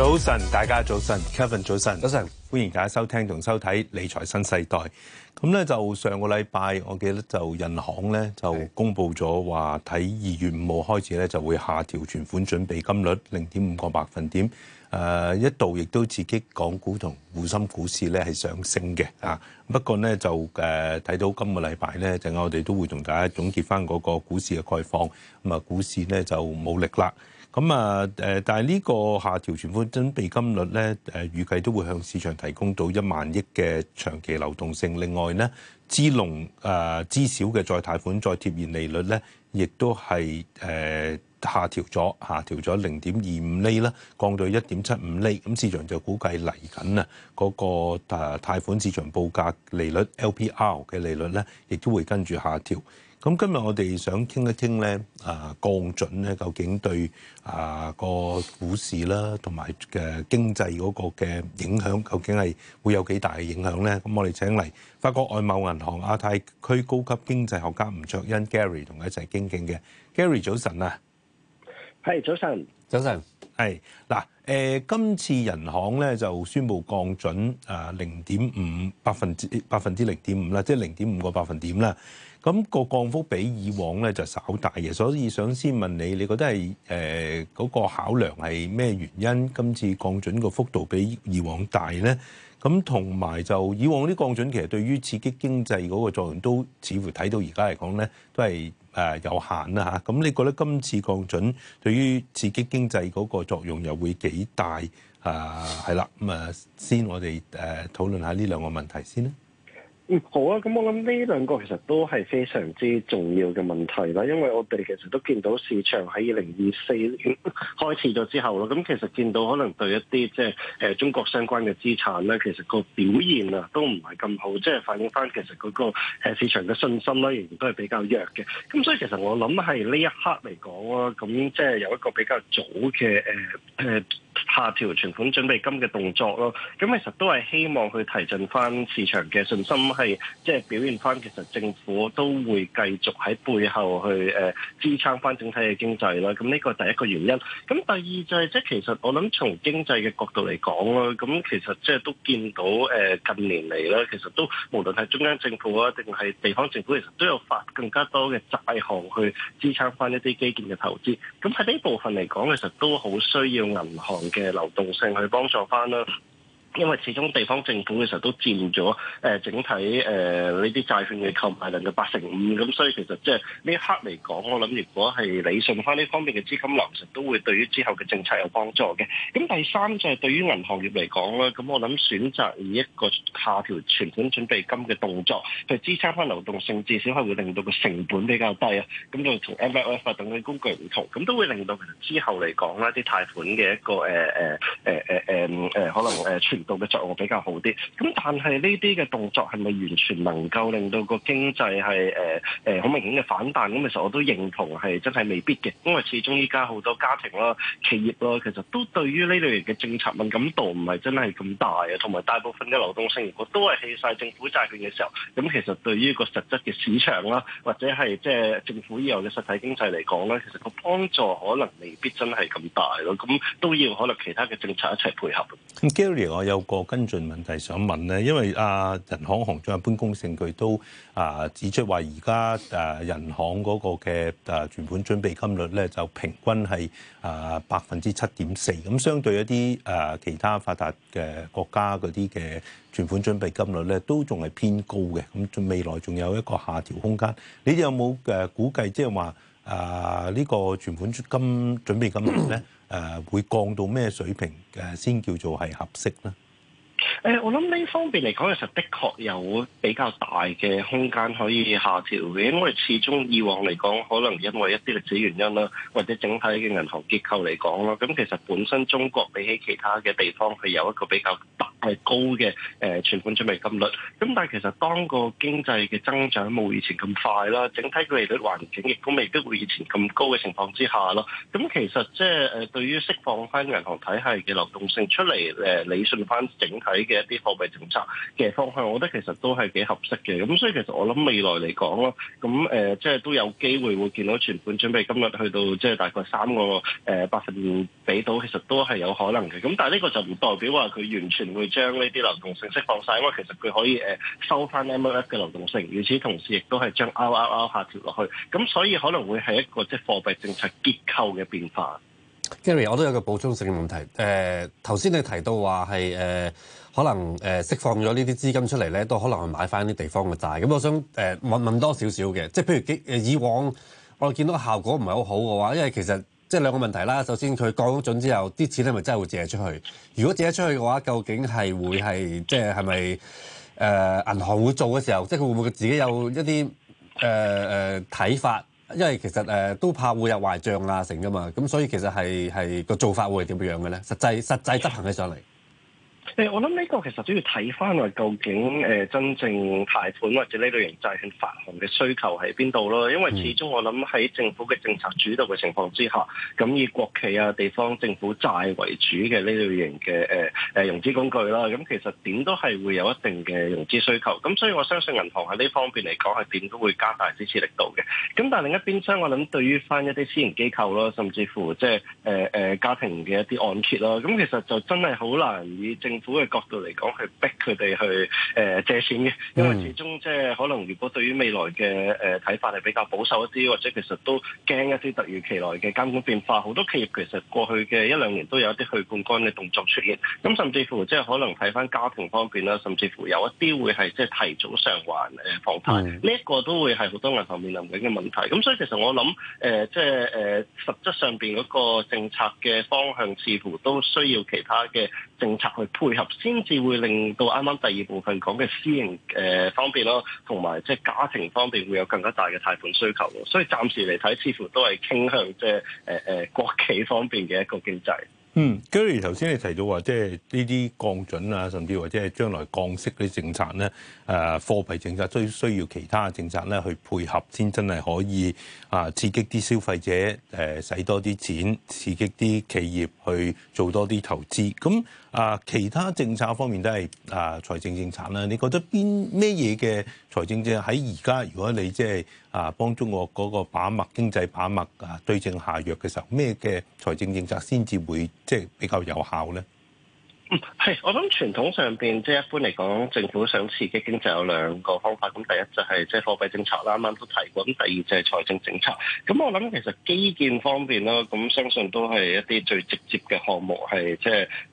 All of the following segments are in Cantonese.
早晨，大家早晨，Kevin 早晨，早晨，歡迎大家收聽同收睇《理財新世代》。咁咧就上個禮拜，我記得就人行咧就公布咗話，睇二月五號開始咧就會下調存款準備金率零點五個百分點。誒一度亦都刺激港股同滬深股市咧係上升嘅啊。不過咧就誒睇到今個禮拜咧，陣間我哋都會同大家總結翻嗰個股市嘅概況。咁啊，股市咧就冇力啦。咁啊、嗯，但係呢個下調存款準備金率咧，誒、呃、預計都會向市場提供到一萬億嘅長期流動性。另外咧，支農啊支小嘅再貸款再貼現利率咧，亦都係下調咗，下調咗零點二五厘啦，降到一點七五厘。咁市場就估計嚟緊啊，嗰個誒貸款市場報價利率 LPR 嘅利率咧，亦都會跟住下調。咁今日我哋想傾一傾咧，啊降準咧，究竟對啊個股市啦，同埋嘅經濟嗰個嘅影響，究竟係會有幾大嘅影響咧？咁我哋請嚟法國外貿銀行亞太區高級經濟學家吳卓殷 Gary 同我一齊傾傾嘅。Gary 早晨啊。係早晨，早晨。係嗱，誒今次銀行咧就宣布降準啊零點五百分之百分之零點五啦，即零點五個百分點啦。咁個降幅比以往咧就稍大嘅，所以想先問你，你覺得係嗰、呃嗰個考量係咩原因？今次降準個幅度比以往大咧？咁同埋就以往啲降準其實對於刺激經濟嗰個作用都似乎睇到而家嚟講咧都係、呃、有限啦嚇。咁、啊、你覺得今次降準對於刺激經濟嗰個作用又會幾大啊？係、呃、啦，咁啊、嗯、先我哋誒、呃、討論下呢兩個問題先。好啊，咁我諗呢兩個其實都係非常之重要嘅問題啦，因為我哋其實都見到市場喺二零二四年開始咗之後啦，咁其實見到可能對一啲即係中國相關嘅資產咧，其實個表現啊都唔係咁好，即係反映翻其實嗰個市場嘅信心咧，仍然都係比較弱嘅。咁所以其實我諗係呢一刻嚟講啊，咁即係有一個比較早嘅誒、呃呃下調存款準備金嘅動作咯，咁其實都係希望去提振翻市場嘅信心，係即係表現翻其實政府都會繼續喺背後去誒、呃、支撐翻整體嘅經濟啦。咁呢個第一個原因。咁第二就係即係其實我諗從經濟嘅角度嚟講咯，咁其實即係都見到誒、呃、近年嚟啦，其實都無論係中央政府啊定係地方政府，其實都有發更加多嘅債項去支撐翻一啲基建嘅投資。咁喺呢部分嚟講，其實都好需要銀行嘅。誒流動性去幫助翻啦。因為始終地方政府嘅時候都佔咗誒、呃、整體誒呢啲債券嘅購買量嘅八成五，咁所以其實即係呢一刻嚟講，我諗如果係理順翻呢方面嘅資金流程都會對於之後嘅政策有幫助嘅。咁第三就係、是、對於銀行業嚟講啦，咁我諗選擇以一個下調存款準備金嘅動作去支撐翻流動性，至少係會，會令到個成本比較低啊。咁就同 MLF 等嘅工具唔同，咁都會令到其實之後嚟講啦啲貸款嘅一個誒、呃呃呃呃呃、可能誒、呃度嘅作用比較好啲，咁但係呢啲嘅動作係咪完全能夠令到個經濟係誒誒好明顯嘅反彈？咁其實我都認同係真係未必嘅，因為始終依家好多家庭啦、企業啦，其實都對於呢類型嘅政策敏感度唔係真係咁大啊，同埋大部分嘅流動性如果都係棄晒政府債券嘅時候，咁其實對於個實質嘅市場啦，或者係即係政府以後嘅實體經濟嚟講咧，其實個幫助可能未必真係咁大咯，咁都要可能其他嘅政策一齊配合。咁有個跟進問題想問咧，因為啊，人行行長潘功勝佢都啊指出話，而家啊人行嗰個嘅啊存款準備金率咧，就平均係啊百分之七點四。咁相對一啲啊其他發達嘅國家嗰啲嘅存款準備金率咧，都仲係偏高嘅。咁未來仲有一個下調空間。你哋有冇誒估計，即係話啊呢、這個存款金準備金率咧？誒、呃、會降到咩水平嘅、呃、先叫做係合適咧？誒，我諗呢方面嚟講，其實的確有比較大嘅空間可以下調嘅，因為始終以往嚟講，可能因為一啲歷史原因啦，或者整體嘅銀行結構嚟講啦，咁其實本身中國比起其他嘅地方係有一個比較大、高嘅誒存款準備金率。咁但係其實當個經濟嘅增長冇以前咁快啦，整體利率環境亦都未必會以前咁高嘅情況之下啦。咁其實即係誒，對於釋放翻銀行體系嘅流動性出嚟，誒理順翻整體嘅一啲貨幣政策嘅方向，我覺得其實都係幾合適嘅。咁所以其實我諗未來嚟講咯，咁誒即係都有機會會見到存款準備金率去到即係大概三個誒百分比度，其實都係有可能嘅。咁但係呢個就唔代表話佢完全會將呢啲流動性釋放晒，因為其實佢可以誒收翻 MLF 嘅流動性，與此同時亦都係將 R R R 下調落去。咁所以可能會係一個即係貨幣政策結構嘅變化。Gary，我都有一個補充性嘅問題。誒頭先你提到話係誒。呃可能誒釋、呃、放咗呢啲資金出嚟咧，都可能去買翻啲地方嘅債。咁我想誒、呃、問問多少少嘅，即係譬如以往我哋見到個效果唔係好好嘅話，因為其實即係兩個問題啦。首先佢降咗準之後，啲錢係咪真係會借出去？如果借出去嘅話，究竟係會係即係係咪誒銀行會做嘅時候，即係佢會唔會自己有一啲誒誒睇法？因為其實誒、呃、都怕會有壞賬壓、啊、成㗎嘛。咁所以其實係係個做法會係點樣嘅咧？實際實際執行起上嚟。我諗呢個其實都要睇翻嚟究竟真正貸款或者呢類型債券發行嘅需求喺邊度咯？因為始終我諗喺政府嘅政策主導嘅情況之下，咁以國企啊、地方政府債為主嘅呢類型嘅融資工具啦，咁其實點都係會有一定嘅融資需求。咁所以我相信銀行喺呢方面嚟講，係點都會加大支持力度嘅。咁但係另一邊廂我諗，對於翻一啲私人機構啦，甚至乎即係家庭嘅一啲按揭啦，咁其實就真係好難以政府嘅角度嚟講，去逼佢哋去誒、呃、借錢嘅，因為始終即係，可能，如果對於未來嘅誒睇法係比較保守一啲，或者其實都驚一啲突如其來嘅監管變化。好多企業其實過去嘅一兩年都有一啲去槓桿嘅動作出現，咁甚至乎即係可能睇翻家庭方面啦，甚至乎有一啲會係即係提早償還誒房貸，呢一個都會係好多銀行面臨緊嘅問題，咁所以其實我諗誒、呃、即係誒、呃、實質上邊嗰個政策嘅方向，似乎都需要其他嘅政策去配合先至會令到啱啱第二部分講嘅私人、呃、方面咯，同埋即係家庭方面會有更加大嘅貸款需求咯。所以暫時嚟睇，似乎都係傾向即係、呃、呃、國企方面嘅一個經濟。嗯，跟住頭先你提到話，即係呢啲降準啊，甚至或者係將來降息啲政策咧，誒、啊、貨幣政策需需要其他政策咧去配合，先真係可以啊刺激啲消費者誒使、啊、多啲錢，刺激啲企業去做多啲投資。咁啊，其他政策方面都係啊財政政策啦，你覺得邊咩嘢嘅？財政政策喺而家，如果你即係幫中國嗰個把脈經濟把脈對對症下藥嘅時候，咩嘅財政政策先至會即係比較有效呢？嗯，係，我諗傳統上邊，即係一般嚟講，政府想刺激經濟有兩個方法，咁第一就係即係貨幣政策啦，啱啱都提過，咁第二就係財政政策。咁我諗其實基建方面啦，咁相信都係一啲最直接嘅項目，係即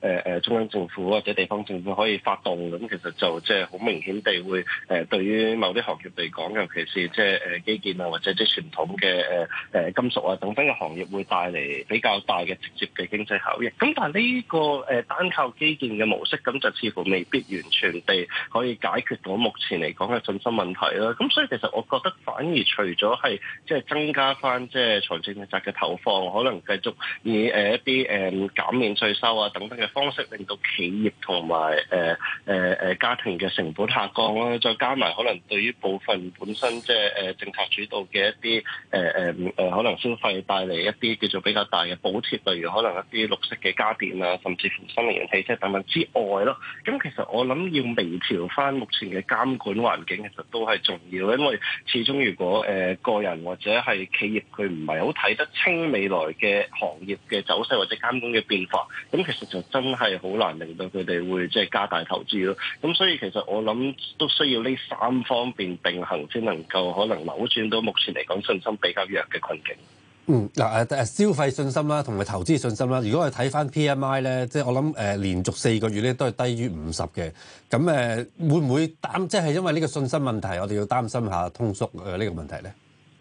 係中央政府或者地方政府可以發動，咁其實就即係好明顯地會誒對於某啲行業嚟講，尤其是即係基建啊或者即係傳統嘅金屬啊等等嘅行業，會帶嚟比較大嘅直接嘅經濟效益。咁但係呢個誒單靠基基建嘅模式，咁就似乎未必完全地可以解決到目前嚟講嘅信心問題啦。咁所以其實我覺得，反而除咗係即係增加翻即係財政嘅責嘅投放，可能繼續以誒一啲誒、嗯、減免稅收啊等等嘅方式，令到企業同埋誒誒誒家庭嘅成本下降啦。再加埋可能對於部分本身即係誒政策主導嘅一啲誒誒誒可能消費帶嚟一啲叫做比較大嘅補貼，例如可能一啲綠色嘅家電啊，甚至乎新能源汽車。之外咯，咁其實我諗要微調翻目前嘅監管環境，其實都係重要，因為始終如果誒、呃、個人或者係企業佢唔係好睇得清未來嘅行業嘅走勢或者監管嘅變化，咁其實就真係好難令到佢哋會即係加大投資咯。咁所以其實我諗都需要呢三方面並行，先能夠可能扭轉到目前嚟講信心比較弱嘅困境。嗯，嗱消費信心啦，同埋投資信心啦。如果我睇翻 PMI 咧，即係我諗誒連續四個月咧都係低於五十嘅，咁誒會唔會擔？即係因為呢個信心問題，我哋要擔心下通縮誒呢個問題咧。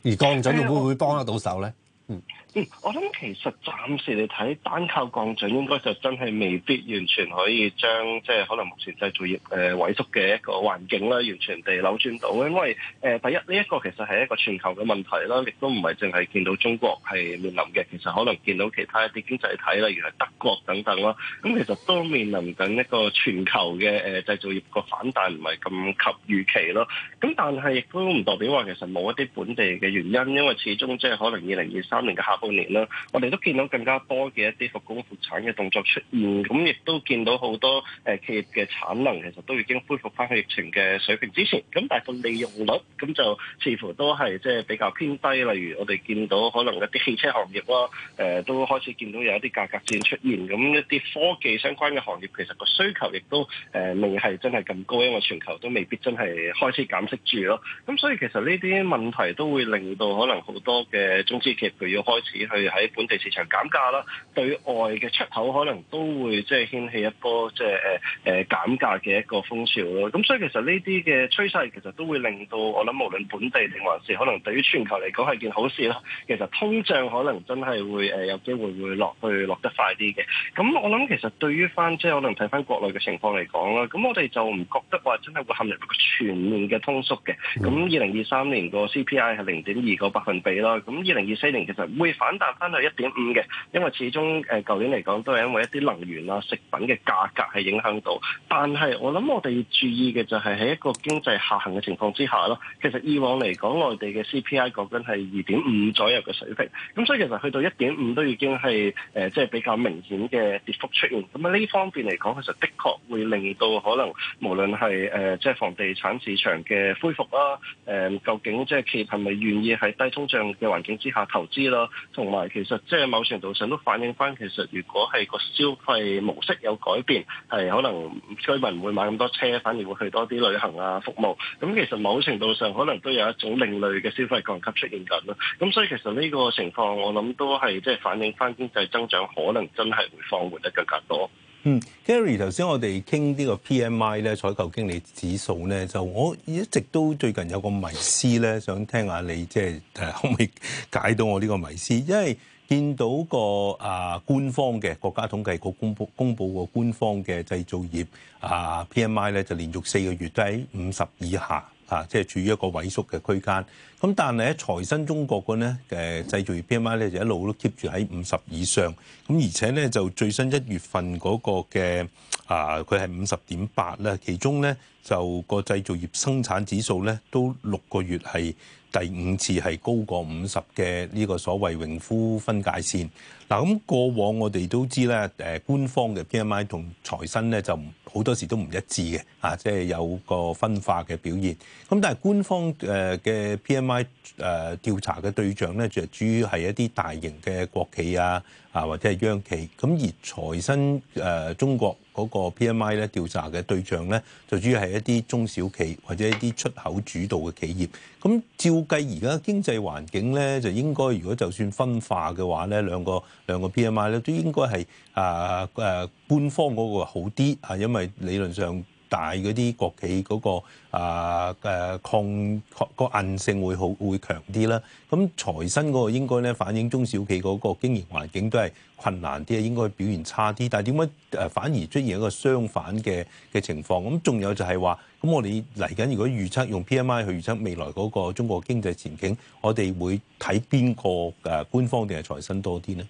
而降準會唔會幫得到手咧？嗯。嗯，我諗其實暫時你睇單靠降準，應該就真係未必完全可以將即係可能目前製造業誒萎縮嘅一個環境啦完全地扭轉到，因為誒第一呢一個其實係一個全球嘅問題啦，亦都唔係淨係見到中國係面臨嘅，其實可能見到其他一啲經濟體啦，例如係德國等等啦，咁其實都面臨緊一個全球嘅誒製造業個反彈唔係咁及預期咯，咁但係亦都唔代表話其實冇一啲本地嘅原因，因為始終即係可能二零二三年嘅下。半年啦，我哋都見到更加多嘅一啲復工復產嘅動作出現，咁亦都見到好多、呃、企業嘅產能其實都已經恢復翻去疫情嘅水平之前，咁但係個利用率咁就似乎都係即係比較偏低，例如我哋見到可能一啲汽車行業啦、呃，都開始見到有一啲價格戰出現，咁一啲科技相關嘅行業其實個需求亦都呃、未係真係咁高，因為全球都未必真係開始減息住咯，咁所以其實呢啲問題都會令到可能好多嘅中資企業佢要開始。去喺本地市場減價啦，對外嘅出口可能都會即係掀起一波即係誒誒減價嘅一個風潮咯。咁所以其實呢啲嘅趨勢其實都會令到我諗，無論本地定還是可能對於全球嚟講係件好事咯。其實通脹可能真係會誒有機會會落去落得快啲嘅。咁我諗其實對於翻即係可能睇翻國內嘅情況嚟講啦，咁我哋就唔覺得話真係會陷入一個全面嘅通縮嘅。咁二零二三年個 CPI 係零點二個百分比咯。咁二零二四年其實反彈翻去一點五嘅，因為始終誒舊年嚟講都係因為一啲能源啊、食品嘅價格係影響到。但係我諗我哋要注意嘅就係喺一個經濟下行嘅情況之下咯。其實以往嚟講，內地嘅 CPI 平均係二點五左右嘅水平。咁所以其實去到一點五都已經係誒即係比較明顯嘅跌幅出現。咁啊呢方面嚟講，其實的確會令到可能無論係誒即係房地產市場嘅恢復啦，誒、呃、究竟即係企業係咪願意喺低通脹嘅環境之下投資啦？同埋，其實即係某程度上都反映翻，其實如果係個消費模式有改變，係可能居民唔會買咁多車，反而會去多啲旅行啊、服務。咁其實某程度上可能都有一種另類嘅消費降級出現緊咯。咁所以其實呢個情況，我諗都係即係反映翻經濟增長，可能真係會放緩得更加多。嗯，Gary，頭先我哋傾呢個 PMI 咧採購經理指數咧，就我一直都最近有個迷思咧，想聽下你即係誒可唔可以解到我呢個迷思，因為見到個啊、呃、官方嘅國家統計局公佈公佈個官方嘅製造業啊、呃、PMI 咧就連續四個月都喺五十以下。啊，即係處於一個萎縮嘅區間。咁但係喺財新中國嘅咧，誒製造業 PMI 咧就一路都 keep 住喺五十以上。咁而且咧就最新一月份嗰個嘅啊，佢係五十點八咧。其中咧，就個製造業生產指數咧，都六個月係第五次係高過五十嘅呢個所謂榮枯分界線。嗱，咁過往我哋都知咧，誒官方嘅 P M I 同財新咧就好多時都唔一致嘅，啊，即、就、係、是、有個分化嘅表現。咁但係官方誒嘅 P M I 誒、啊、調查嘅對象咧，就主要係一啲大型嘅國企啊。啊，或者係央企，咁而財新、呃、中國嗰個 PMI 咧調查嘅對象咧，就主要係一啲中小企或者一啲出口主導嘅企業。咁、嗯、照計而家經濟環境咧，就應該如果就算分化嘅話咧，兩個兩個 PMI 咧都應該係啊誒官方嗰個好啲啊，因為理論上。大嗰啲國企嗰、那個啊抗、啊、個韌性會好會強啲啦，咁財新嗰個應該咧反映中小企嗰個經營環境都係困難啲，應該表現差啲。但係點解誒反而出現一個相反嘅嘅情況？咁仲有就係話，咁我哋嚟緊如果預測用 PMI 去預測未來嗰個中國經濟前景，我哋會睇邊個誒官方定係財新多啲咧？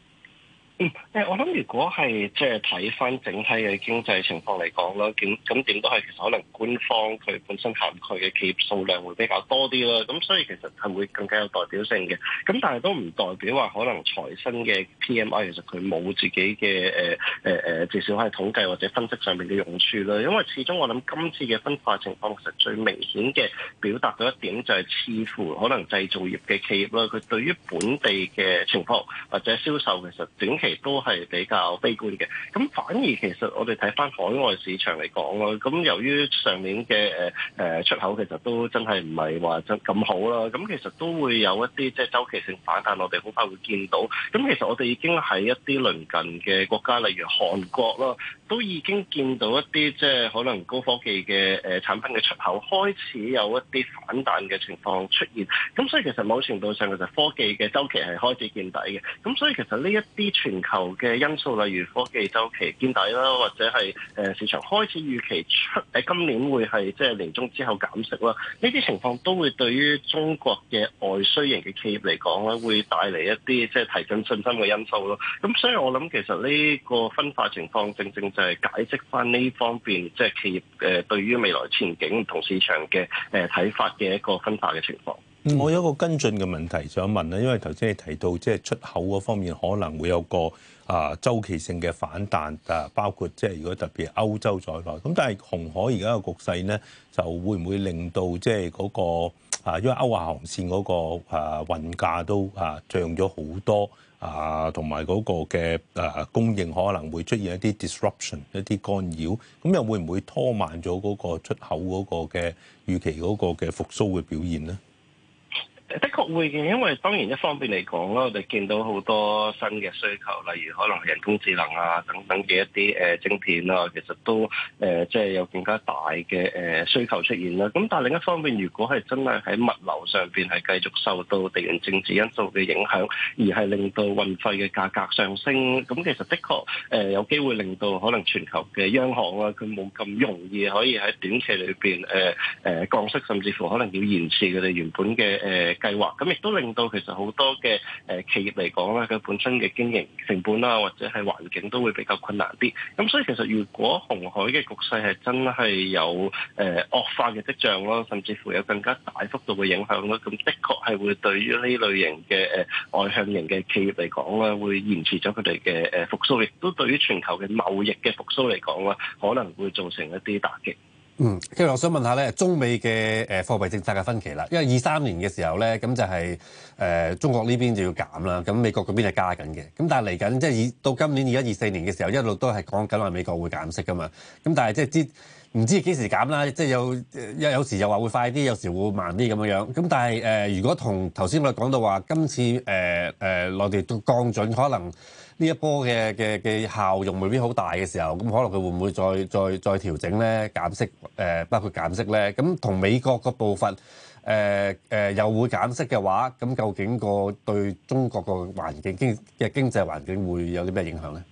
嗯，我諗如果係即係睇翻整體嘅經濟情況嚟講囉，咁咁點都係其實可能官方佢本身涵蓋嘅企業數量會比較多啲啦，咁所以其實係會更加有代表性嘅。咁但係都唔代表話可能財新嘅 PMI 其實佢冇自己嘅誒誒至少係統計或者分析上面嘅用處啦。因為始終我諗今次嘅分化情況其實最明顯嘅表達到一點就係似乎可能製造業嘅企業啦，佢對於本地嘅情況或者銷售其實短期，都係比較悲觀嘅，咁反而其實我哋睇返海外市場嚟講咯，咁由於上年嘅誒誒出口其實都真係唔係話真咁好啦，咁其實都會有一啲即係周期性反彈，我哋好快會見到。咁其實我哋已經喺一啲鄰近嘅國家，例如韓國咯。都已經見到一啲即係可能高科技嘅誒、呃、產品嘅出口開始有一啲反彈嘅情況出現，咁所以其實某程度上其實科技嘅周期係開始見底嘅，咁所以其實呢一啲全球嘅因素，例如科技周期見底啦，或者係、呃、市場開始預期出今年會係即係年終之後減息啦，呢啲情況都會對於中國嘅外需型嘅企業嚟講咧，會帶嚟一啲即係提振信心嘅因素咯。咁所以我諗其實呢個分化情況正正，就係解釋翻呢方面，即係企業誒對於未來前景同市場嘅誒睇法嘅一個分化嘅情況。嗯，我有一個跟進嘅問題想問啦，因為頭先你提到即係出口嗰方面可能會有個啊，周期性嘅反彈啊，包括即係如果特別歐洲在內，咁但係紅海而家個局勢咧，就會唔會令到即係嗰個啊，因為歐亞航線嗰個啊運價都啊漲咗好多啊，同埋嗰個嘅啊供應可能會出現一啲 disruption 一啲干擾，咁又會唔會拖慢咗嗰個出口嗰個嘅預期嗰個嘅復甦嘅表現咧？的確會嘅，因為當然一方面嚟講啦，我哋見到好多新嘅需求，例如可能人工智能啊等等嘅一啲誒晶片啊，其實都誒即係有更加大嘅誒需求出現啦。咁但係另一方面，如果係真係喺物流上面係繼續受到地緣政治因素嘅影響，而係令到運費嘅價格上升，咁其實的確誒有機會令到可能全球嘅央行啊，佢冇咁容易可以喺短期裏面誒降息，甚至乎可能要延遲佢哋原本嘅誒。計劃，咁亦都令到其實好多嘅誒企業嚟講咧，佢本身嘅經營成本啦，或者係環境都會比較困難啲。咁所以其實如果紅海嘅局勢係真係有誒惡化嘅跡象咯，甚至乎有更加大幅度嘅影響啦，咁的確係會對於呢類型嘅誒外向型嘅企業嚟講咧，會延遲咗佢哋嘅誒復甦，亦都對於全球嘅貿易嘅復甦嚟講咧，可能會造成一啲打擊。嗯，跟住我想問下咧，中美嘅誒貨幣政策嘅分歧啦，因為二三年嘅時候咧，咁、嗯、就係、是、誒、呃、中國呢邊就要減啦，咁美國嗰邊就加緊嘅，咁但係嚟緊即係到今年二一二四年嘅時候，一路都係講緊話美國會減息噶嘛，咁但係即係知。唔知幾時減啦，即係有有有時又話會快啲，有時會慢啲咁樣樣。咁但係誒、呃，如果同頭先我哋講到話，今次誒誒內地降準，可能呢一波嘅嘅嘅效用未必好大嘅時候，咁可能佢會唔會再再再調整咧減息誒、呃，包括減息咧？咁同美國個部分誒誒、呃呃、又會減息嘅話，咁究竟個對中國個環境經嘅經濟環境會有啲咩影響咧？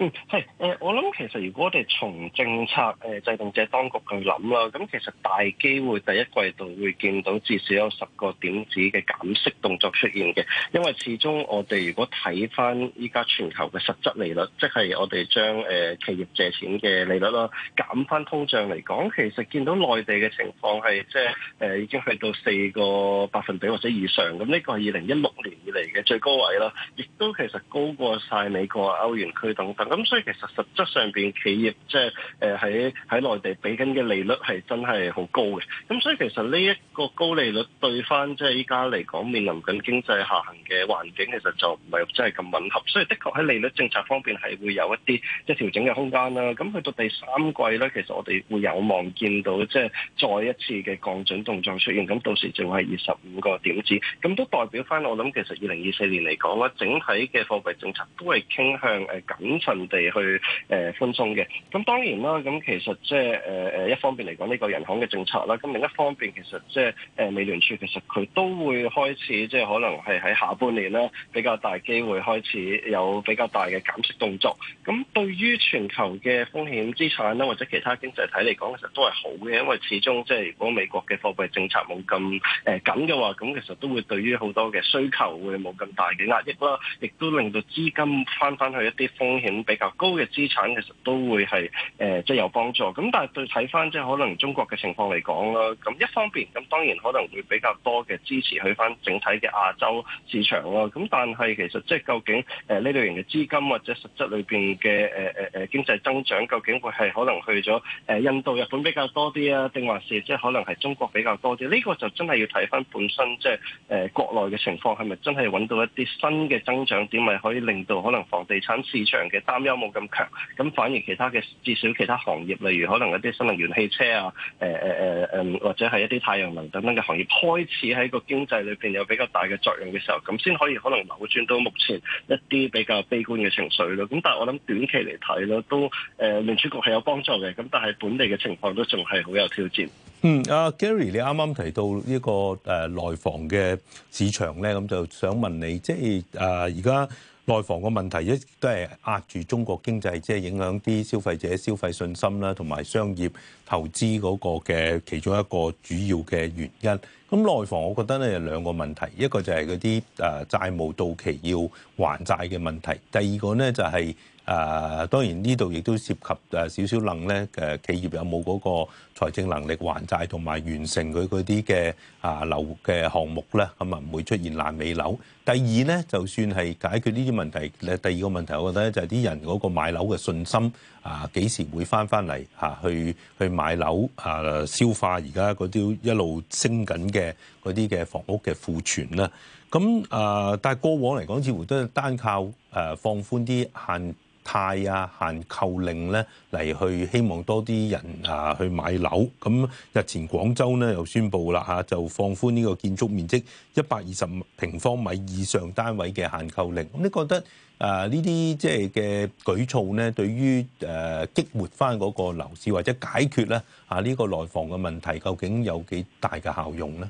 嗯，係誒，我諗其實如果我哋從政策誒制定者當局去諗啦，咁其實大機會第一季度會見到至少有十個點子嘅減息動作出現嘅，因為始終我哋如果睇翻依家全球嘅實質利率，即係我哋將誒企業借錢嘅利率啦減翻通脹嚟講，其實見到內地嘅情況，係即係誒已經去到四個百分比或者以上，咁呢個係二零一六年。嚟嘅最高位啦，亦都其實高過晒美國啊、歐元區等等。咁所以其實實質上邊企業即係誒喺喺內地俾緊嘅利率係真係好高嘅。咁所以其實呢一個高利率對翻即係依家嚟講面臨緊經濟下行嘅環境，其實就唔係真係咁吻合。所以的確喺利率政策方面係會有一啲即係調整嘅空間啦。咁去到第三季咧，其實我哋會有望見到即係、就是、再一次嘅降準動作出現，咁到時淨係二十五個點子，咁都代表翻我諗其實。二零二四年嚟講啦，整體嘅貨幣政策都係傾向誒謹慎地去誒寬鬆嘅。咁當然啦，咁其實即係誒誒一方面嚟講呢個人行嘅政策啦，咁另一方面其實即係誒美聯儲其實佢都會開始即係可能係喺下半年啦比較大機會開始有比較大嘅減息動作。咁對於全球嘅風險資產啦或者其他經濟體嚟講，其實都係好嘅，因為始終即係如果美國嘅貨幣政策冇咁誒緊嘅話，咁其實都會對於好多嘅需求。會冇咁大嘅壓力啦，亦都令到資金翻返去一啲風險比較高嘅資產，其實都會係誒即係有幫助。咁但係對睇翻即係可能中國嘅情況嚟講啦，咁一方面咁當然可能會比較多嘅支持去翻整體嘅亞洲市場咯。咁但係其實即係究竟誒呢類型嘅資金或者實質裏邊嘅誒誒誒經濟增長，究竟會係可能去咗誒印度、日本比較多啲啊，定還是即係可能係中國比較多啲？呢、這個就真係要睇翻本身即係誒國內嘅情況係咪真？係揾到一啲新嘅增長點，咪可以令到可能房地產市場嘅擔憂冇咁強。咁反而其他嘅至少其他行業，例如可能一啲新能源汽車啊、呃呃，或者係一啲太陽能等等嘅行業，開始喺個經濟裏面有比較大嘅作用嘅時候，咁先可以可能扭轉到目前一啲比較悲觀嘅情緒咯。咁但係我諗短期嚟睇咯，都誒聯儲局係有幫助嘅。咁但係本地嘅情況都仲係好有挑戰。嗯，阿 Gary 你啱啱提到呢個誒內房嘅市場咧，咁就想問你，即係誒而家內房嘅問題一直都係壓住中國經濟，即係影響啲消費者消費信心啦，同埋商業投資嗰個嘅其中一個主要嘅原因。咁內房我覺得咧有兩個問題，一個就係嗰啲誒債務到期要還債嘅問題，第二個咧就係、是。誒當然呢度亦都涉及少少諗咧，企業有冇嗰個財政能力還債同埋完成佢嗰啲嘅啊樓嘅項目咧，咁啊唔會出現爛尾樓。第二咧，就算係解決呢啲問題，誒第二個問題，我覺得就係啲人嗰個買樓嘅信心啊，幾時會翻翻嚟嚇去去買樓啊，消化而家嗰啲一路升緊嘅嗰啲嘅房屋嘅庫存啦。咁誒、啊，但係過往嚟講，似乎都係單靠放寬啲限貸啊，派限購令咧嚟去希望多啲人啊去買樓。咁日前廣州咧又宣布啦吓，就放寬呢個建築面積一百二十平方米以上單位嘅限購令。咁你覺得啊呢啲即係嘅舉措咧，對於誒激活翻嗰個樓市或者解決咧啊呢個內房嘅問題，究竟有幾大嘅效用咧？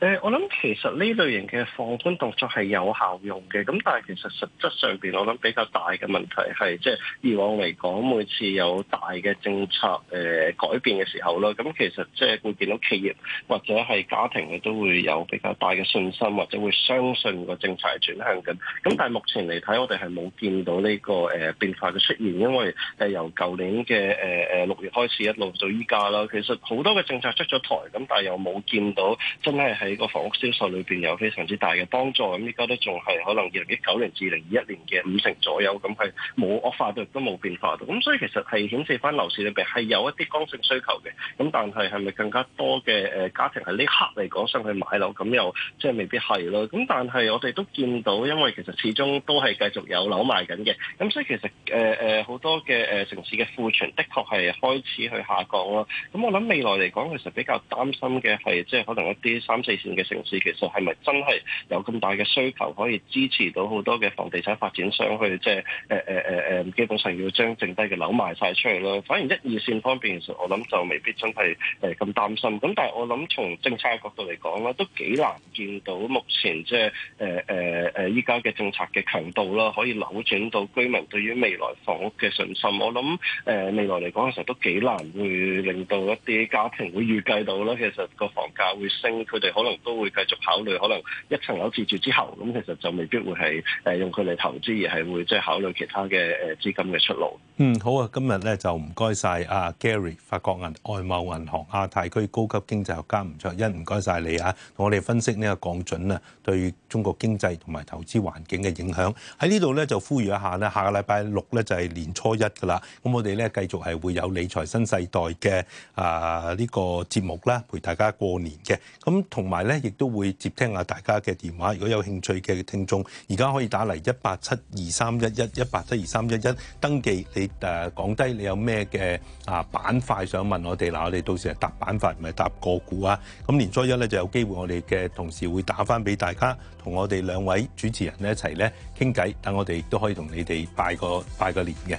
誒，我諗其實呢類型嘅放寬動作係有效用嘅，咁但係其實實質上面我諗比較大嘅問題係，即係以往嚟講每次有大嘅政策誒改變嘅時候啦，咁其實即係會見到企業或者係家庭都會有比較大嘅信心，或者會相信個政策係轉向緊。咁但係目前嚟睇，我哋係冇見到呢個誒變化嘅出現，因為誒由舊年嘅誒誒六月開始一路到依家啦，其實好多嘅政策出咗台，咁但係又冇見到真係。係喺個房屋銷售裏邊有非常之大嘅幫助，咁依家都仲係可能二零一九年至二零二一年嘅五成左右，咁係冇惡化到，亦都冇變化到。咁所以其實係顯示翻樓市裏邊係有一啲剛性需求嘅，咁但係係咪更加多嘅誒家庭係呢刻嚟講想去買樓，咁又即係未必係咯，咁但係我哋都見到，因為其實始終都係繼續有樓賣緊嘅，咁所以其實誒誒好多嘅誒城市嘅庫存的確係開始去下降咯，咁我諗未來嚟講，其實比較擔心嘅係即係可能一啲。三四線嘅城市其實係咪真係有咁大嘅需求，可以支持到好多嘅房地產發展商去即係誒誒誒誒，基本上要將剩低嘅樓賣晒出去咯。反而一二線方面，其實我諗就未必真係誒咁擔心。咁但係我諗從政策角度嚟講咧，都幾難見到目前即係誒誒誒依家嘅政策嘅強度啦，可以扭轉到居民對於未來房屋嘅信心。我諗誒、呃、未來嚟講，其實都幾難會令到一啲家庭會預計到啦。其實個房價會升，可能都會繼續考慮，可能一層樓自住之後，咁其實就未必會係誒用佢嚟投資，而係會即係考慮其他嘅誒資金嘅出路。嗯，好啊，今日咧就唔該晒啊 Gary，法國銀外貿銀行亞太區高級經濟學家吳卓殷，唔該晒你啊，同我哋分析呢個降準啊對中國經濟同埋投資環境嘅影響。喺呢度咧就呼籲一下咧，下個禮拜六咧就係年初一噶啦，咁我哋咧繼續係會有理財新世代嘅啊呢、呢個節目啦，陪大家過年嘅咁。同埋咧，亦都會接聽下大家嘅電話。如果有興趣嘅聽眾，而家可以打嚟一八七二三一一一八七二三一一登記。你誒講低你有咩嘅啊板塊想問我哋？嗱，我哋到時係答板塊，唔係答個股啊。咁年初一咧就有機會，我哋嘅同事會打翻俾大家，同我哋兩位主持人咧一齊咧傾偈。等我哋都可以同你哋拜個拜個年嘅。